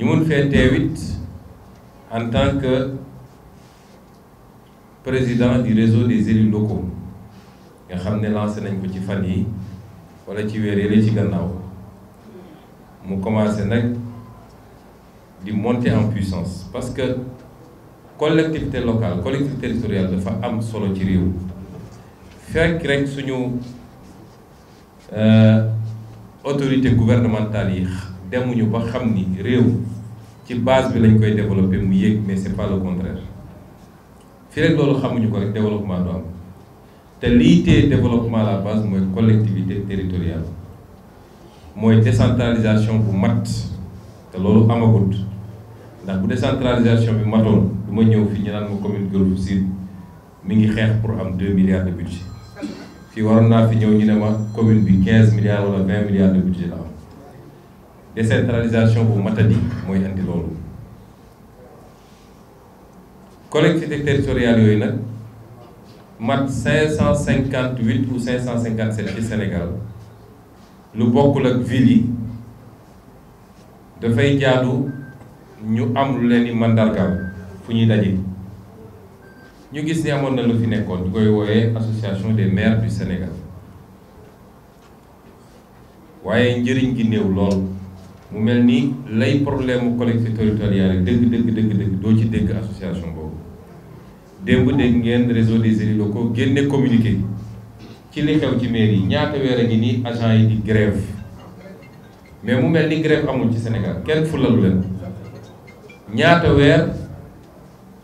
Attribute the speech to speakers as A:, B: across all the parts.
A: Nous fait T8 en tant que président du réseau des élus locaux nga avons lancé monter en puissance parce que collectivité locale collectivité territoriale nous am solo ci euh, autorité gouvernementale ci base bi lañ koy développer mu ce mais c'est pas le contraire fii rek loolu xamuñu ko rek développement du am te lii tee développement à la base mooy collectivité territoriale mooy décentralisation bu mat te loolu amagut ndax bu décentralisation bi matoon du ma ñëw fii ñu naan ma commune de Sud mi ngi xeex pour am 2 milliards de budget fii waroon naa fi ñëw ñu ne ma commune bi 15 milliards ou 20 milliards de budget décentralisation pour matadi mooy andi loolu collectivités territoriales mat 558 ou 557 ci Sénégal lu bokkul ak ville yi dafay jaadu ñu am lu leen di fu association des maires du Sénégal mu mel ni lay problème mu collectivité territoriale yi dëgg dëgg dëgg doo ci dégg association boobu démb dégg ngeen réseau des élus locaux génne communiqué ci li xew ci mairie yi ñaata weer a ngi nii agent yi di grève mais mu mel ni grève amul ci Sénégal kenn fulalu leen ñaata weer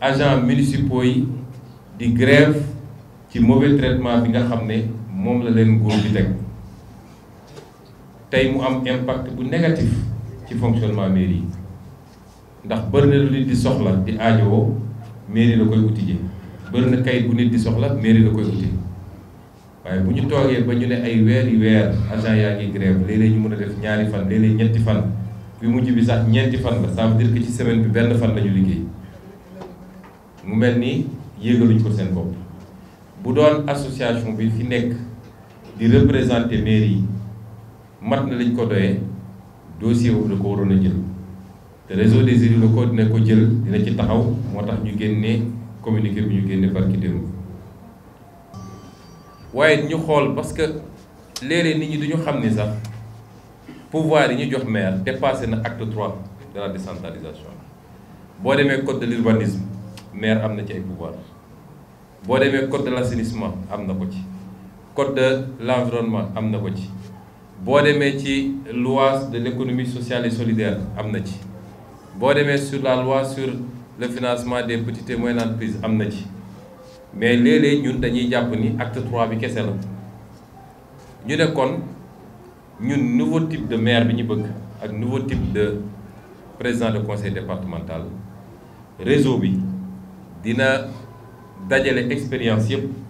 A: agent municipaux yi di grève ci mauvais traitement bi nga xam ne moom la leen nguur bi teg tey mu am impact bu négatif ci fonctionnement mairie yi ndax bëri na lu nit di soxla di aajowoo mairie la koy uti bëri na kayit bu nit di soxla mairie la koy uti waaye bu ñu toogee ba ñu ne ay weer yi weer agent yaa ngi grève léeg-léeg ñu mën a def ñaari fan léeg ñeenti fan bi mujj bi sax ñeenti fan la ça veut dire que ci semaine bi benn fan lañu liggéey mu mel ni yéegaluñ ko seen bopp bu doon association bi fi nekk di représenter mairie yi mat na lañ ko doyee dossier boobu la ko waroon a jël te réseau des élus locaux dina ko jël dina ci taxaw moo tax ñu génnee communiqué bi ñu génne barki démb waaye ñu xool parce que léeg-léeg nit ñi duñu xam ni sax pouvoir yi ñu jox maire dépassé na acte 3 de la décentralisation boo demee code de l'urbanisme maire am na ci ay pouvoir boo demee code de l'assainissement am na ko ci code de l'environnement am na ko ci boo demee loi de l'économie sociale et solidaire sur la loi sur le financement des petites et moyennes entreprises mais les acte 3. avec nouveau type de maire bi un nouveau type de président du conseil départemental réseau bi dina d'ailleurs expérience